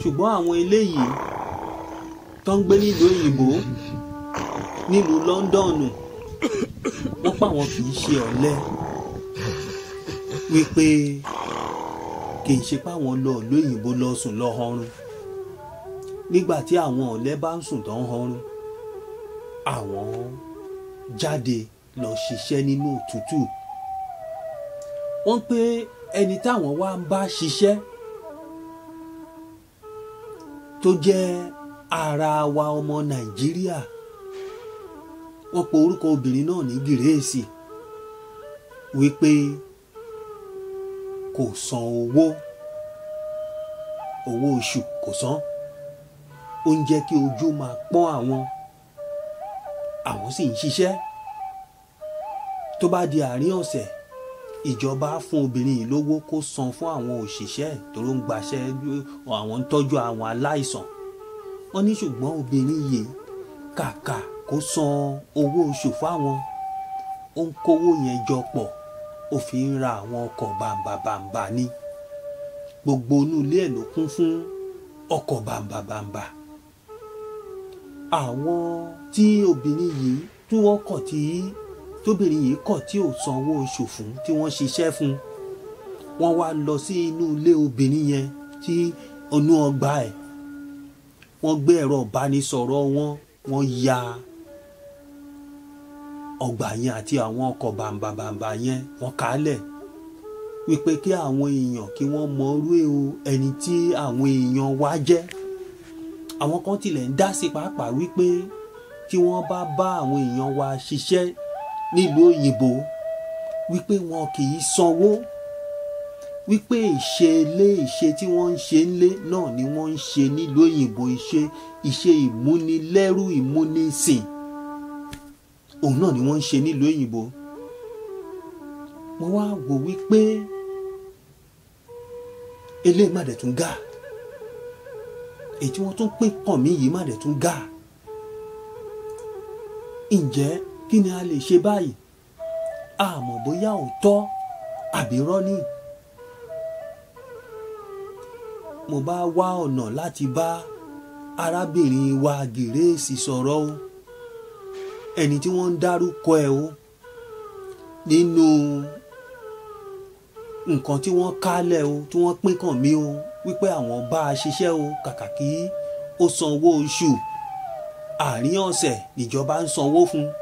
ṣùgbọ́n àwọn eléyìí tó ń gbé nílùú òyìnbó nílùú Lọ́ńdọ̀nù wọ́n pa àwọn kì í ṣe ọ̀lẹ wípé kì í ṣe páwọn lọ ìlú òyìnbó lọ sùn lọ họrun nígbà tí àwọn ọ̀lẹ bá ń sùn tó ń họrun àwọn jáde lọ ṣiṣẹ́ nínú òtútù wọ́n pé ẹni táwọn wá ń bá ṣiṣẹ́ tó jẹ́ ara wa ọmọ nàìjíríà wọ́n pe orúkọ obìnrin náà ní gírèsì wípé kò san owó owó oṣù kò san ó ń jẹ́ kí ojú máa pọ́n àwọn àwọn sì ń ṣiṣẹ́ tó bá di àárín ọ̀sẹ̀ ìjọba fún obìnrin yìí lówó kó san fún àwọn òṣìṣẹ́ tó ló ń gbaṣẹ́ àwọn ń tọ́jú àwọn aláìsàn wọ́n ní ṣùgbọ́n obìnrin yìí kàkà kó san owó oṣù fáwọn ó ń kówó yẹn jọ pọ̀ ó fi ń ra àwọn ọkọ̀ bàǹbàǹbà ni gbogbo inú ilé ẹ̀ ló kún fún ọkọ̀ bàǹbàǹbà àwọn tí obìnrin yìí tí wọ́n kọ̀ tí tóbìnrin yìí kọ̀ tí ò san owó oṣù fún tí wọ́n ṣiṣẹ́ fún wọ́n wá lọ sí inú ilé obìnrin yẹn tí ọnú ọgbà ẹ̀ wọ́n gbé ẹ̀rọ ìbánisọ̀rọ̀ wọn wọ́n ya ọgbà yẹn àti àwọn ọkọ̀ bàǹbàǹbà yẹn wọ́n kálẹ̀ wípé kí àwọn èèyàn kí wọ́n mọ orú ẹni tí àwọn èèyàn wá jẹ́ àwọn kan tilẹ̀ ń dá sí pàápàá wípé tí wọ́n bá bá àwọn èèyàn wa ṣiṣẹ́ nílùú òyìnbó wípé wọn kì í sanwó wípé ìṣe ilé ìṣe tí wọ́n ń ṣe ńlé náà ni wọ́n ń ṣe nílùú òyìnbó ìṣe ìṣe ìmúnilẹ́rú ìmúnisìn òun náà ni wọ́n ń ṣe nílùú òyìnbó mo wá wò wípé eléyìí má dẹ̀ tún ga èyí tí wọ́n tún pín kàn mí yìí má dẹ̀ tún ga ǹjẹ́ kí ni a lè ṣe báyìí àmọ́ bóyá òótọ́ àbí rọ́nì mo bá wá ọ̀nà láti bá arábìnrin wa gèrèsì sọ̀rọ̀ o ẹni tí wọ́n ń dárúkọ ẹ̀ o nínú nǹkan tí wọ́n kálẹ̀ o tí wọ́n pín kàn mí o wípé àwọn bá a ṣiṣẹ́ o kàkà kí ó sanwó oṣù àárín ọ̀sẹ̀ níjọba ń sanwó fún un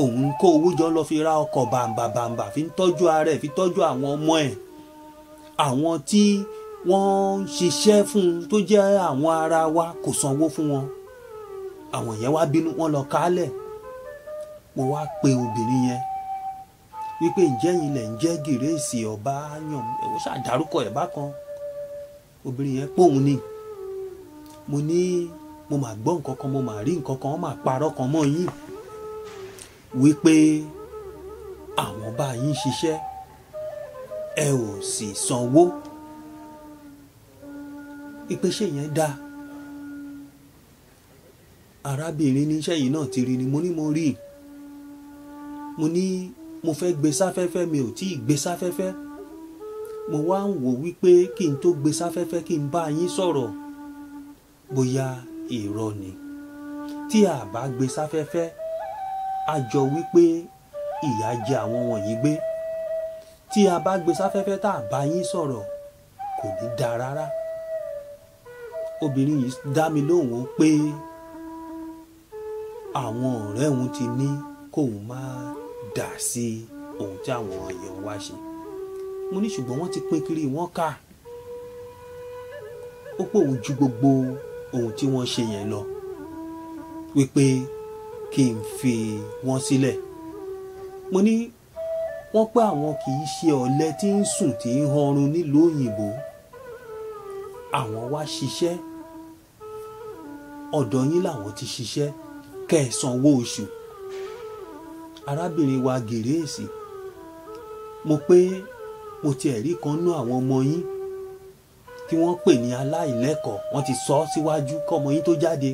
òun kó owó jọ lọ fi ra ọkọ̀ bàǹbàǹbà fi ń tọ́jú ara ẹ̀ fi tọ́jú àwọn ọmọ ẹ̀ àwọn tí wọ́n ń ṣiṣẹ́ fún un tó jẹ́ àwọn ara wa kò sanwó fún wọn àwọn yẹn wá bínú wọn lọ kálẹ̀ mo wá pe obìnrin yẹn wípé ǹjẹ́ ilẹ̀ ń jẹ́ gírèsì ọba yàn ó ṣàdárúkọ ẹ̀ bákan obìnrin yẹn pòun ni mo ní mo mà gbọ́ nǹkan kan mo mà rí nǹkan kan wọ́n mà parọ́ kan mọ́ yín wípé àwọn bá yín ṣiṣẹ́ ẹ ò sì sanwó ìpèsè yẹn dá arábìnrin níṣẹ́ yìí náà ti rí ni mo ní mo rí mo ní mo fẹ́ gbé sáfẹ́fẹ́ mi ò tí ì gbé sáfẹ́fẹ́ mo wá ń wò wípé kí n tó gbé sáfẹ́fẹ́ kí n bá yín sọ̀rọ̀ bóyá irọ́ ni tí a bá gbé sáfẹ́fẹ́ a jọ wípé ìyà jẹ àwọn wọ̀nyí gbé tí a bá gbé sáfẹ́fẹ́ tá a bá yín sọ̀rọ̀ kò ní dáa rárá obìnrin yìí dá mi lóhùn pé àwọn ọ̀rẹ́ òun ti ní kóun máa dà sí ohun tí àwọn èèyàn wá ṣe mo ní ṣùgbọ́n wọ́n ti pín kiri wọ́n kà ó pòun ju gbogbo ohun tí wọ́n ṣe yẹn lọ wípé kí n fi wọ́n sílẹ̀ mo ní wọ́n pé àwọn kì í ṣe ọ̀lẹ tí ń sùn tí ń hanrun nílùú òyìnbó àwọn wá ṣiṣẹ́ ọ̀dọ̀ yín làwọn ti ṣiṣẹ́ kẹsànwó oṣù arábìnrin wa gèrèèsì mo pé mo tiẹ̀ rí kan nú àwọn ọmọ yín tí wọ́n pè ní aláìlẹ́kọ̀ọ́ wọ́n ti sọ ọ́ síwájú kọ́mọ yín tó jáde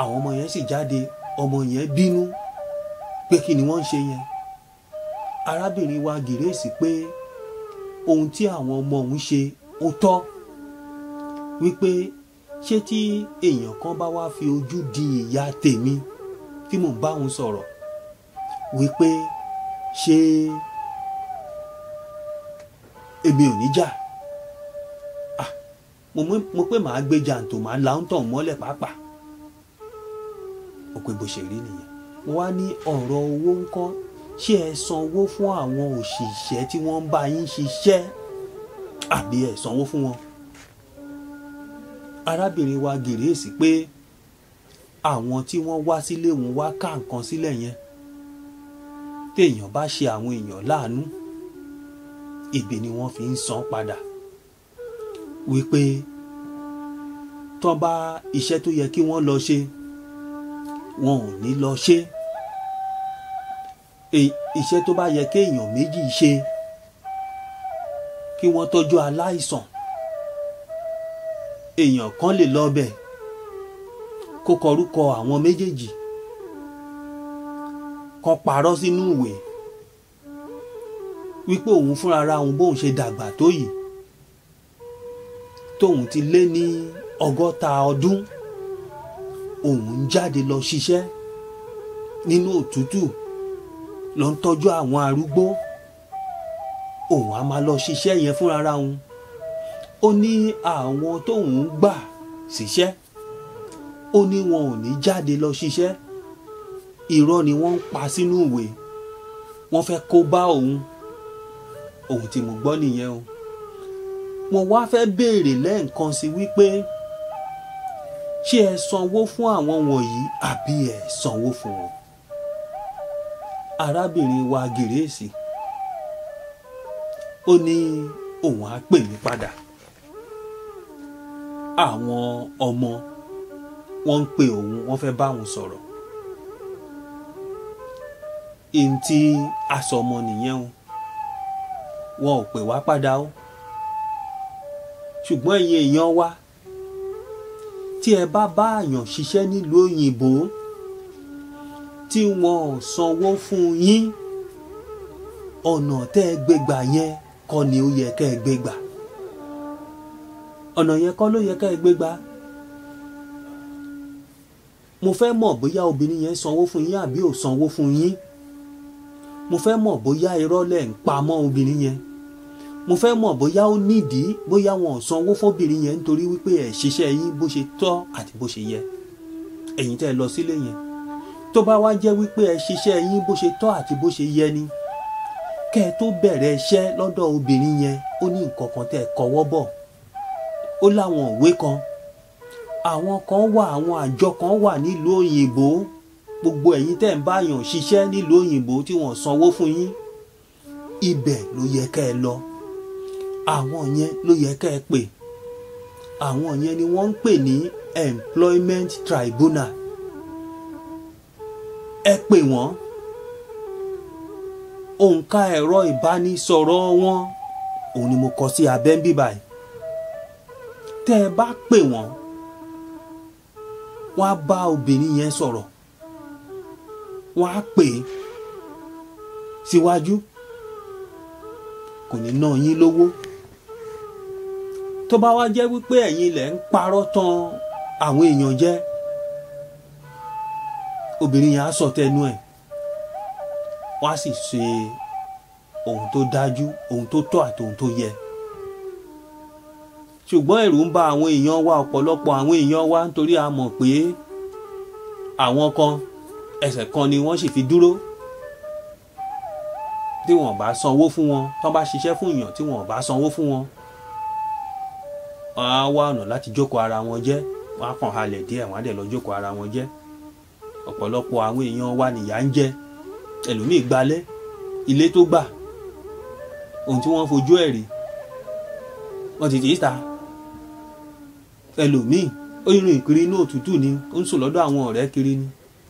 àwọn ọmọ yẹn sì jáde ọmọ yẹn bínú pé kí ni wọ́n ń ṣe yẹn arábìnrin wa gírèsì pé ohun tí àwọn ọmọ òun ṣe ó tọ́ wípé ṣé tí èèyàn kan bá wá fi ojú di ìyá tèmi tí mò ń bá òun sọ̀rọ̀ wípé ṣé èmi ò ní jà ah, mo pé màá gbé jàǹtò màá la ń tàn mọ́lẹ̀ pàápàá ó pé bó ṣe rí nìyẹn mo wá ní ọ̀rọ̀ owó ń kọ́ ṣé ẹ sanwó fún àwọn òṣìṣẹ́ tí wọ́n ń bá yín ṣiṣẹ́ àbí ẹ sanwó fún wọn arábìnrin wa gèrèsì pé àwọn tí wọ́n wá sílé òun wá ká nǹkan sílẹ̀ yẹn téèyàn bá ṣe àwọn èèyàn láàánú ìbí ni wọ́n fi ń san padà wípé tán bá iṣẹ́ tó yẹ kí wọ́n lọ ṣe wọn ò ní lọ ṣe e, iṣẹ́ tó bá yẹ kéèyàn méjì ṣe kí wọ́n tọ́jú aláìsàn èèyàn kan lè lọ bẹ̀ kó kọrúkọ àwọn méjèèjì kan parọ́ sínú ìwé wípé òun fúnra ra òun bóun ṣe dàgbà tó yìí tóun ti lé ní ọgọ́ta ọdún òun jáde lọ ṣiṣẹ́ nínú òtútù lọ ń tọ́jú àwọn arúgbó òun á máa lọ ṣiṣẹ́ yẹn fúnra òun ó ní àwọn tóun gbà ṣiṣẹ́ ó ní wọn ò ní jáde lọ ṣiṣẹ́ irọ́ ni wọ́n ń pa sínú ìwé wọ́n fẹ́ kó bá òun òun tí mo gbọ́ nìyẹn o mo wá fẹ́ béèrè lẹ́ẹ̀kan sí wípé ṣé ẹ sanwó fún àwọn wọ̀nyí àbí ẹ sanwó fún wọn. arábìnrin wa gèrèsì ó ní òun á pè mí padà àwọn ọmọ wọ́n ń pe òun wọ́n fẹ́ bá òun sọ̀rọ̀ ntí asọmọ nìyẹn wọn ò pè wá padà o ṣùgbọ́n ẹ̀yin èèyàn wa tí ẹ bá bá àyàn ṣiṣẹ́ nílùú òyìnbó tí wọn ò sanwó fún yín ọ̀nà tẹ́ ẹ gbé gbà yẹn kọ́ ni ó yẹ kẹ́ ẹ gbé gbà ọ̀nà yẹn kọ́ ló yẹ kẹ́ ẹ gbé gbà mo fẹ́ mọ̀ bóyá obìnrin yẹn sanwó fún yín àbí ò sanwó fún yín mo fẹ́ mọ̀ bóyá irọ́ lẹ̀ ń pa obìnrin yẹn mo fẹ́ mọ̀ bóyá ó nídìí bóyá wọn ò sanwó fọ́bìnrin yẹn nítorí wípé ẹ̀ ṣiṣẹ́ yín bó ṣe tọ́ àti bó ṣe yẹ ẹ̀yin tẹ́ ẹ lọ sílé yẹn tó bá wá jẹ́ wípé ẹ ṣiṣẹ́ yín bó ṣe tọ́ àti bó ṣe yẹ ni kẹ́ ẹ tó bẹ̀rẹ̀ iṣẹ́ lọ́dọ̀ obìnrin yẹn ó ní nǹkan kan tẹ́ ẹ kọwọ́ bọ̀ ó láwọn òwe kan àwọn kan wà àwọn àjọ kan wà nílùú òyìnbó gbogbo ẹ̀yin tẹ́ ń bá ṣiṣẹ́ nílùú òyìnbó tí wọ́n sanwó fún yín ibẹ̀ ló yẹ kẹ́ ẹ lọ àwọn yẹn ló yẹ kẹ́ ẹ pè àwọn yẹn ni wọ́n ń pè ní employment tribunal ẹ pè wọ́n òǹkà ẹ̀rọ ìbánisọ̀rọ̀ wọn òun ni mo kọ sí abẹ́ ń bíbà yìí tẹ́ ẹ bá pè wọ́n wọ́n á bá obìnrin yẹn sọ̀rọ̀ wọ́n á pè é síwájú kò ní ná yín lówó tó bá wá jẹ́ wípé ẹ̀yin lẹ̀ ń parọ́ tán àwọn èèyàn jẹ́ obìnrin yẹn á sọ tẹnu ẹ̀ wá sì ṣe ohun tó dájú ohun tó tọ́ àti ohun tó yẹ ṣùgbọ́n ẹ̀rù ń ba àwọn èèyàn wa ọ̀pọ̀lọpọ̀ àwọn èèyàn wa nítorí a mọ̀ pé àwọn kan ẹsẹ̀ kan ni wọ́n sì fi dúró tí wọ́n bá sanwó fún wọn tí wọ́n bá ṣiṣẹ́ fún èèyàn tí wọ́n bá sanwó fún wọn wọ́n á wá ọ̀nà láti jókòó ara wọn jẹ́ wọ́n á kàn halẹ̀ díẹ̀ wọ́n á dẹ̀ lọ jókòó ara wọn jẹ́ ọ̀pọ̀lọpọ̀ àwọn èèyàn wa nìyà ń jẹ ẹlòmíì gbalẹ̀ ilé tó gbà ohun tí wọ́n fojú ẹ̀ rí wọ́n ti tìí ta ẹlòmíì ó rìn kiri inú òtútù ni ó ń sùn lọ́dọ̀ àwọn ọ̀rẹ́ kiri ni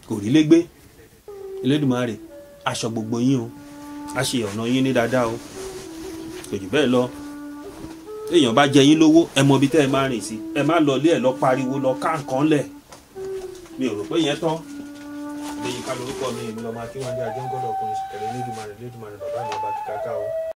kò rí légbé Elédùmarè aṣọ gbogbo yín o a ṣe ọ̀nà yín ní dáadáa o kò jù bẹ́ẹ̀ lọ èèyàn bá jẹ yín lówó ẹ mọ ibi tẹ́ ẹ máa rìn sí ẹ má lọ ilé ẹ lọ pariwo lọ ká nǹkan lẹ̀ mi ò rò pé yẹn tán lẹ́yìn ká lórúkọ mi ìlú ọmọ akínwájú ajé ń gbọ́dọ̀ ọkùnrin ṣẹlẹ̀ lẹ́dùnmarè lẹ́dùnmarè bàbá mi ọba kíkáká o.